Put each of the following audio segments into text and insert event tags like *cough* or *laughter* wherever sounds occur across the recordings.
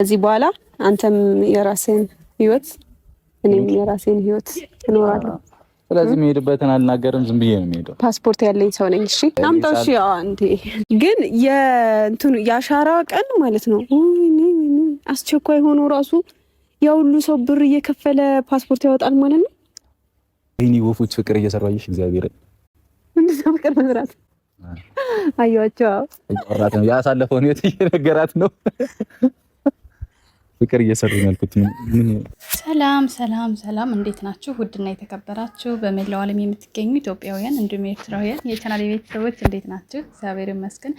ከዚህ በኋላ አንተም የራስህን ህይወት እኔም የራሴን ህይወት እኖራለሁ። ስለዚህ የሚሄድበትን አልናገርም፣ ዝም ብዬ ነው የሚሄደው። ፓስፖርት ያለኝ ሰው ነኝ። እሺ አምጣው። እሺ እንዴ! ግን የእንትኑ የአሻራ ቀን ማለት ነው። አስቸኳይ ሆኖ ራሱ ያ ሁሉ ሰው ብር እየከፈለ ፓስፖርት ያወጣል ማለት ነው። ይህኒ ወፎች ፍቅር እየሰራየሽ እግዚአብሔር ምንድን ነው ፍቅር መስራት አየኋቸው። ያሳለፈውን ህይወት እየነገራት ነው ፍቅር እየሰሩ ያልኩት። ሰላም ሰላም ሰላም፣ እንዴት ናችሁ? ውድና የተከበራችሁ በመላው ዓለም የምትገኙ ኢትዮጵያውያን እንዲሁም ኤርትራውያን የቻናል ቤተሰቦች እንዴት ናችሁ? እግዚአብሔር ይመስገን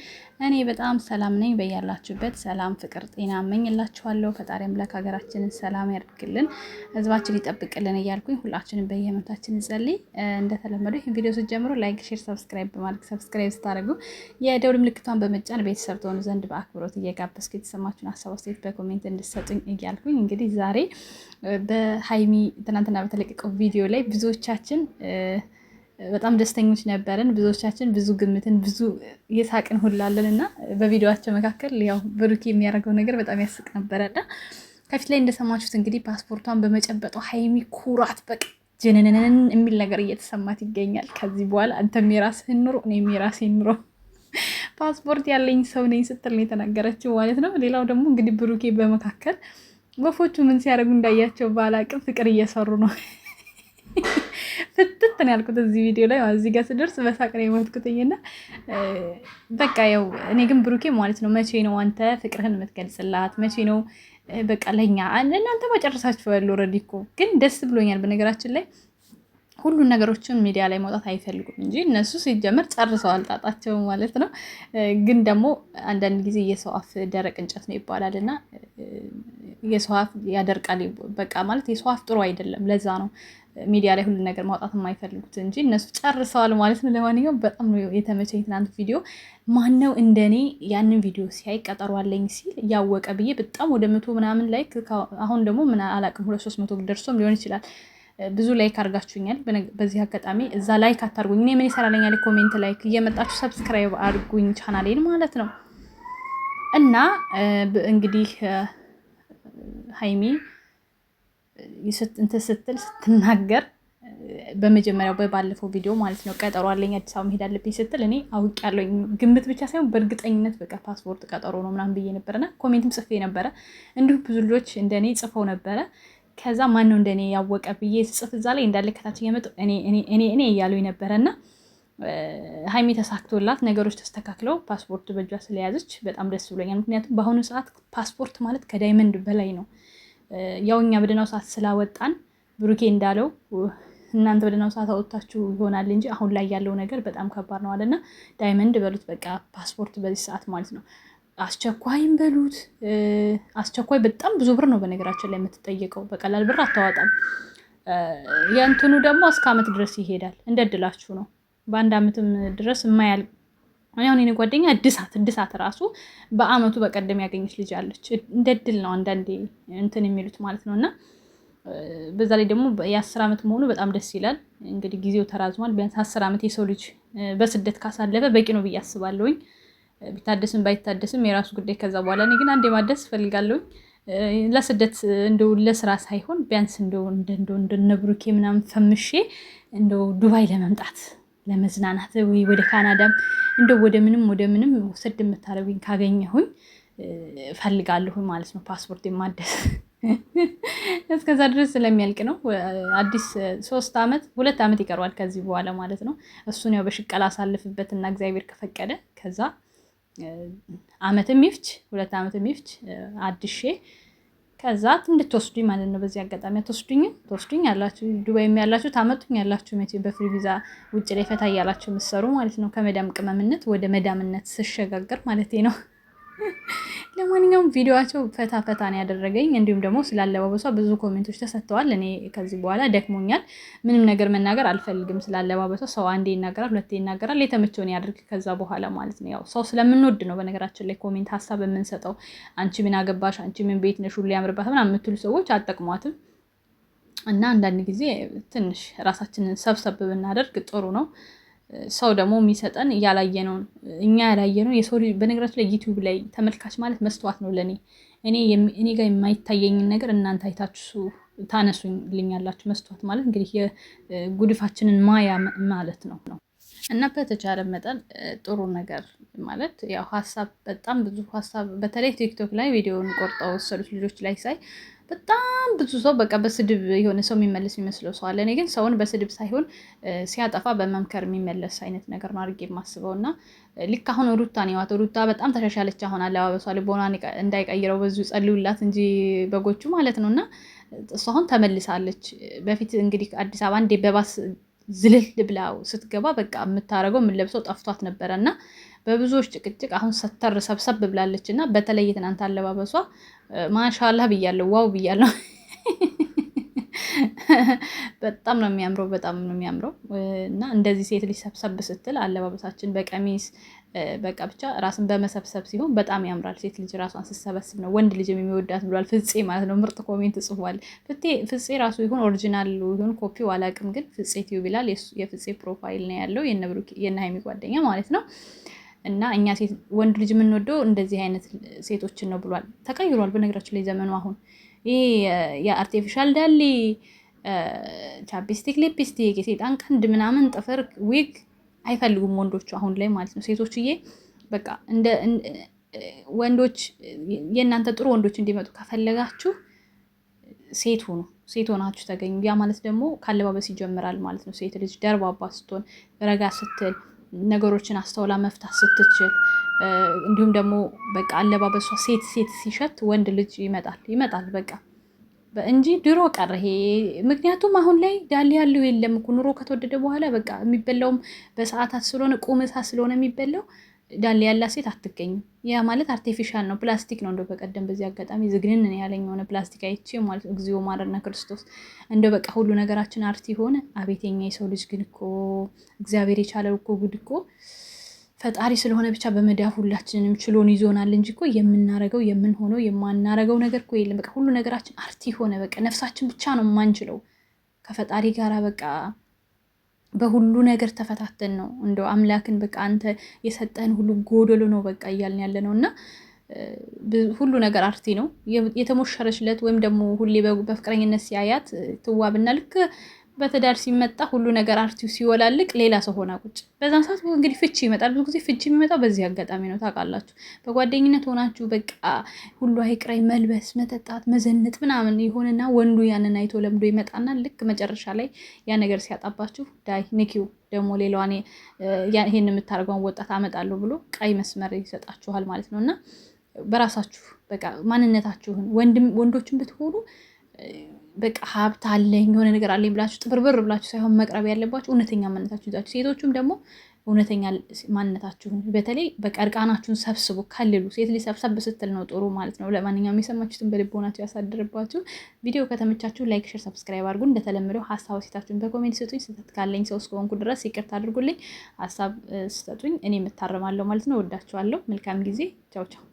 እኔ በጣም ሰላም ነኝ። በያላችሁበት ሰላም፣ ፍቅር፣ ጤና እመኝላችኋለሁ። ፈጣሪ አምላክ ሀገራችንን ሰላም ያደርግልን፣ ህዝባችን ይጠብቅልን እያልኩኝ ሁላችንም በየመታችን እንጸልይ። እንደተለመደው ይህን ቪዲዮ ስጀምሮ ላይክ፣ ሼር፣ ሰብስክራይብ በማድረግ ሰብስክራይብ ስታደርጉ የደውል ምልክቷን በመጫን ቤተሰብ ተሆኑ ዘንድ በአክብሮት እየጋበዝኩ የተሰማችሁን ሀሳብ አስተያየት በኮሜንት እንድሰጡ ስጡኝ እያልኩኝ እንግዲህ ዛሬ በሀይሚ ትናንትና በተለቀቀው ቪዲዮ ላይ ብዙዎቻችን በጣም ደስተኞች ነበርን። ብዙዎቻችን ብዙ ግምትን ብዙ የሳቅን ሁላለን እና በቪዲዮቸው መካከል ያው ብሩኬ የሚያደርገው ነገር በጣም ያስቅ ነበረና ከፊት ላይ እንደሰማችሁት እንግዲህ ፓስፖርቷን በመጨበጠው ሀይሚ ኩራት በቅ ጀነነነን የሚል ነገር እየተሰማት ይገኛል። ከዚህ በኋላ አንተም የራስህን ኑሮ እኔም የራሴን ኑሮ ፓስፖርት ያለኝ ሰው ነኝ ስትል ነው የተናገረችው ማለት ነው። ሌላው ደግሞ እንግዲህ ብሩኬ በመካከል ወፎቹ ምን ሲያደርጉ እንዳያቸው ባላቅም ፍቅር እየሰሩ ነው። ፍትት ነው ያልኩት እዚህ ቪዲዮ ላይ እዚህ ጋር ስደርስ በሳቅ ነው የሞትኩትኝና በቃ ያው እኔ ግን ብሩኬ ማለት ነው መቼ ነው አንተ ፍቅርህን የምትገልጽላት? መቼ ነው በቃ ለኛ እናንተ ማጨረሳችሁ ያሉ ረዲ እኮ ግን ደስ ብሎኛል በነገራችን ላይ ሁሉን ነገሮችን ሚዲያ ላይ መውጣት አይፈልጉም እንጂ እነሱ ሲጀመር ጨርሰዋል ጣጣቸው ማለት ነው። ግን ደግሞ አንዳንድ ጊዜ የሰው አፍ ደረቅ እንጨት ነው ይባላል እና የሰው አፍ ያደርቃል። በቃ ማለት የሰው አፍ ጥሩ አይደለም። ለዛ ነው ሚዲያ ላይ ሁሉን ነገር ማውጣት የማይፈልጉት እንጂ እነሱ ጨርሰዋል ማለት ነው። ለማንኛውም በጣም የተመቸኝ ትናንት ቪዲዮ ማነው እንደኔ ያንን ቪዲዮ ሲያይ ቀጠሮ አለኝ ሲል እያወቀ ብዬ በጣም ወደ መቶ ምናምን ላይ አሁን ደግሞ ምን አላውቅም ሁለት ሶስት መቶ ደርሶም ሊሆን ይችላል ብዙ ላይክ አድርጋችሁኛል። በዚህ አጋጣሚ እዛ ላይክ አታርጉኝ፣ እኔ ምን ይሰራለኛል? ኮሜንት ላይክ እየመጣችሁ ሰብስክራይብ አድርጉኝ ቻናሌን ማለት ነው። እና እንግዲህ ሀይሚ እንትን ስትል ስትናገር በመጀመሪያው በባለፈው ቪዲዮ ማለት ነው ቀጠሮ አለኝ አዲስ አበባ መሄድ አለብኝ ስትል እኔ አውቅ ያለኝ ግምት ብቻ ሳይሆን በእርግጠኝነት በቃ ፓስፖርት ቀጠሮ ነው ምናምን ብዬ ነበረና ኮሜንትም ጽፌ ነበረ። እንዲሁም ብዙ ልጆች እንደኔ ጽፈው ነበረ ከዛ ማን ነው እንደኔ ያወቀ ብዬ ስጽፍ እዛ ላይ እንዳለ ከታች እየመጡ እኔ እኔ እያሉ ነበረ እና ሀይሚ ተሳክቶላት ነገሮች ተስተካክለው ፓስፖርት በእጇ ስለያዘች በጣም ደስ ብሎኛል። ምክንያቱም በአሁኑ ሰዓት ፓስፖርት ማለት ከዳይመንድ በላይ ነው። ያው እኛ በደህናው ሰዓት ስላወጣን ብሩኬ እንዳለው እናንተ በደህናው ሰዓት አወጥታችሁ ይሆናል እንጂ አሁን ላይ ያለው ነገር በጣም ከባድ ነው አለና ዳይመንድ በሉት በቃ ፓስፖርት በዚህ ሰዓት ማለት ነው። አስቸኳይም በሉት አስቸኳይ በጣም ብዙ ብር ነው በነገራችን ላይ የምትጠየቀው። በቀላል ብር አታዋጣም። የእንትኑ ደግሞ እስከ ዓመት ድረስ ይሄዳል። እንደ እድላችሁ ነው። በአንድ አመትም ድረስ የማያል አሁን የኔ ጓደኛ እድሳት እድሳት ራሱ በአመቱ በቀደም ያገኘች ልጅ አለች። እንደ እድል ነው አንዳንዴ እንትን የሚሉት ማለት ነው እና በዛ ላይ ደግሞ የአስር ዓመት መሆኑ በጣም ደስ ይላል። እንግዲህ ጊዜው ተራዝሟል። ቢያንስ አስር ዓመት የሰው ልጅ በስደት ካሳለፈ በቂ ነው ብዬ አስባለሁኝ። ቢታደስም ባይታደስም የራሱ ጉዳይ ከዛ በኋላ እኔ ግን አንዴ ማደስ እፈልጋለሁኝ። ለስደት እንደው ለስራ ሳይሆን ቢያንስ እንደው እንደነ ብሩኬ ምናምን ፈምሼ እንደው ዱባይ ለመምጣት ለመዝናናት ወይ ወደ ካናዳም እንደው ወደ ምንም ወደ ምንም ውሰድ የምታደርጉኝ ካገኘሁኝ እፈልጋለሁ ማለት ነው። ፓስፖርት የማደስ *laughs* እስከዛ ድረስ ስለሚያልቅ ነው። አዲስ ሶስት ዓመት ሁለት ዓመት ይቀረዋል ከዚህ በኋላ ማለት ነው። እሱን ያው በሽቀላ አሳልፍበት እና እግዚአብሔር ከፈቀደ ከዛ አመትም ይፍች ሁለት አመትም ይፍች አድሼ ከዛ እንድትወስዱኝ ማለት ነው። በዚህ አጋጣሚ አትወስዱኝ ትወስዱኝ ያላችሁ ዱባይም ያላችሁ ታመጡኝ ያላችሁ መቼም በፍሪ ቪዛ ውጭ ላይ ፈታ እያላችሁ የምትሰሩ ማለት ነው። ከመዳም ቅመምነት ወደ መዳምነት ስሸጋገር ማለት ነው። ለማንኛውም ቪዲዮቸው ፈታ ፈታ ነው ያደረገኝ። እንዲሁም ደግሞ ስላለባበሷ ብዙ ኮሜንቶች ተሰጥተዋል። እኔ ከዚህ በኋላ ደክሞኛል፣ ምንም ነገር መናገር አልፈልግም። ስላለባበሷ ሰው አንዴ ይናገራል፣ ሁለቴ ይናገራል። የተመቸውን ያድርግ ከዛ በኋላ ማለት ነው። ያው ሰው ስለምንወድ ነው በነገራችን ላይ ኮሜንት ሀሳብ የምንሰጠው። አንቺ ምን አገባሽ፣ አንቺ ምን ቤት ነሽ፣ ሁሉ ያምርባት ምናምን የምትሉ ሰዎች አጠቅሟትም እና አንዳንድ ጊዜ ትንሽ ራሳችንን ሰብሰብ ብናደርግ ጥሩ ነው። ሰው ደግሞ የሚሰጠን ያላየነውን እኛ ያላየነውን የሰው ልጅ በነገራችን ላይ ዩቲዩብ ላይ ተመልካች ማለት መስተዋት ነው ለእኔ። እኔ እኔ ጋር የማይታየኝን ነገር እናንተ አይታችሁ ታነሱልኛላችሁ። መስተዋት ማለት እንግዲህ የጉድፋችንን ማያ ማለት ነው ነው እና በተቻለ መጠን ጥሩ ነገር ማለት ያው ሀሳብ በጣም ብዙ ሀሳብ በተለይ ቲክቶክ ላይ ቪዲዮን ቆርጠው ወሰዱት ልጆች ላይ ሳይ በጣም ብዙ ሰው በቃ በስድብ የሆነ ሰው የሚመለስ የሚመስለው ሰው አለ። እኔ ግን ሰውን በስድብ ሳይሆን ሲያጠፋ በመምከር የሚመለስ አይነት ነገር ነው አድርጌ የማስበው እና ልክ አሁን ሩታ ነዋት። ሩታ በጣም ተሻሻለች። አሁን አለባበሷ ልቦና እንዳይቀይረው በዙ ጸልዩላት እንጂ በጎቹ ማለት ነው እና እሷ አሁን ተመልሳለች። በፊት እንግዲህ አዲስ አበባ እንዴ በባስ ዝልል ብላው ስትገባ በቃ የምታደርገው የምንለብሰው ጠፍቷት ነበረ እና በብዙዎች ጭቅጭቅ አሁን ሰተር ሰብሰብ ብላለች እና በተለይ የትናንት አለባበሷ ማሻላ ብያለሁ፣ ዋው ብያለሁ። በጣም ነው የሚያምረው፣ በጣም ነው የሚያምረው እና እንደዚህ ሴት ልጅ ሰብሰብ ስትል አለባበሳችን በቀሚስ በቃ ብቻ ራስን በመሰብሰብ ሲሆን በጣም ያምራል። ሴት ልጅ ራሷን ስትሰበስብ ነው ወንድ ልጅ የሚወዳት ብሏል ፍፄ ማለት ነው። ምርጥ ኮሜንት ጽፏል ፍፄ ራሱ ይሁን ኦሪጂናል ይሁን ኮፒ አላውቅም፣ ግን ፍፄ ቲዩብ ይላል የፍፄ ፕሮፋይል ነው ያለው የነ ሀይሚ ጓደኛ ማለት ነው። እና እኛ ወንድ ልጅ የምንወደው እንደዚህ አይነት ሴቶችን ነው ብሏል። ተቀይሯል በነገራችን ላይ ዘመኑ አሁን ይህ የአርቲፊሻል ዳሌ ቻፕስቲክ፣ ሊፕስቲክ፣ የሴጣን ቀንድ ምናምን፣ ጥፍር፣ ዊግ አይፈልጉም ወንዶቹ አሁን ላይ ማለት ነው። ሴቶችዬ በቃ እንደ ወንዶች የእናንተ ጥሩ ወንዶች እንዲመጡ ከፈለጋችሁ ሴት ሁኑ፣ ሴት ሆናችሁ ተገኙ። ያ ማለት ደግሞ ከአለባበስ ይጀምራል ማለት ነው። ሴት ልጅ ደርባባ ስትሆን፣ ረጋ ስትል፣ ነገሮችን አስተውላ መፍታት ስትችል፣ እንዲሁም ደግሞ በቃ አለባበሷ ሴት ሴት ሲሸት ወንድ ልጅ ይመጣል ይመጣል በቃ እንጂ ድሮ ቀር ይሄ። ምክንያቱም አሁን ላይ ዳሌ ያለው የለም እኮ ኑሮ ከተወደደ በኋላ በቃ የሚበላውም በሰዓታት ስለሆነ ቁምሳ ስለሆነ የሚበላው ዳሌ ያላት ሴት አትገኝም። ያ ማለት አርቲፊሻል ነው፣ ፕላስቲክ ነው። እንደ በቀደም በዚህ አጋጣሚ ዝግንን ያለኝ የሆነ ፕላስቲክ አይቼ ማለት እግዚኦ ማረነ ክርስቶስ። እንደ በቃ ሁሉ ነገራችን አርቲ ሆነ። አቤተኛ የሰው ልጅ ግን እኮ እግዚአብሔር የቻለው እኮ ጉድ እኮ ፈጣሪ ስለሆነ ብቻ በመዳፍ ሁላችንንም ችሎን ይዞናል እንጂ እኮ የምናረገው የምንሆነው የማናረገው ነገር እኮ የለም። በቃ ሁሉ ነገራችን አርቲ ሆነ። በቃ ነፍሳችን ብቻ ነው የማንችለው ከፈጣሪ ጋር በቃ በሁሉ ነገር ተፈታተን ነው እንደው አምላክን በቃ አንተ የሰጠህን ሁሉ ጎደሎ ነው በቃ እያልን ያለ ነው እና ሁሉ ነገር አርቲ ነው የተሞሸረችለት ወይም ደግሞ ሁሌ በፍቅረኝነት ሲያያት ትዋብና ልክ በትዳር ሲመጣ ሁሉ ነገር አርቲው ሲወላልቅ ሌላ ሰው ሆና ቁጭ። በዛም ሰዓት እንግዲህ ፍቺ ይመጣል። ብዙ ጊዜ ፍቺ የሚመጣው በዚህ አጋጣሚ ነው። ታውቃላችሁ፣ በጓደኝነት ሆናችሁ በቃ ሁሉ አይቅራይ መልበስ፣ መጠጣት፣ መዘነጥ ምናምን ይሆንና ወንዱ ያንን አይቶ ለምዶ ይመጣና ልክ መጨረሻ ላይ ያ ነገር ሲያጣባችሁ ዳይ ንኪው ደግሞ ሌላዋ ይህን የምታደርገውን ወጣት አመጣለሁ ብሎ ቀይ መስመር ይሰጣችኋል ማለት ነው እና በራሳችሁ በቃ ማንነታችሁን ወንዶችን ብትሆኑ በቃ ሀብት አለኝ የሆነ ነገር አለኝ ብላችሁ ጥብርብር ብላችሁ ሳይሆን መቅረብ ያለባችሁ እውነተኛ ማንነታችሁ ይዛችሁ፣ ሴቶቹም ደግሞ እውነተኛ ማንነታችሁን በተለይ በቃ እርቃናችሁን ሰብስቡ፣ ከልሉ። ሴት ልጅ ሰብሰብ ስትል ነው ጥሩ ማለት ነው። ለማንኛውም የሰማችሁትን በልቦናችሁ ያሳድርባችሁ። ቪዲዮ ከተመቻችሁ ላይክ፣ ሼር፣ ሰብስክራይብ አድርጉ። እንደተለመደው ሀሳብ ሴታችሁን በኮሜንት ስጡኝ። ስህተት ካለኝ ሰው እስከሆንኩ ድረስ ይቅርታ አድርጉልኝ። ሀሳብ ስጠጡኝ፣ እኔ የምታረማለሁ ማለት ነው። ወዳችኋለሁ። መልካም ጊዜ። ቻው ቻው።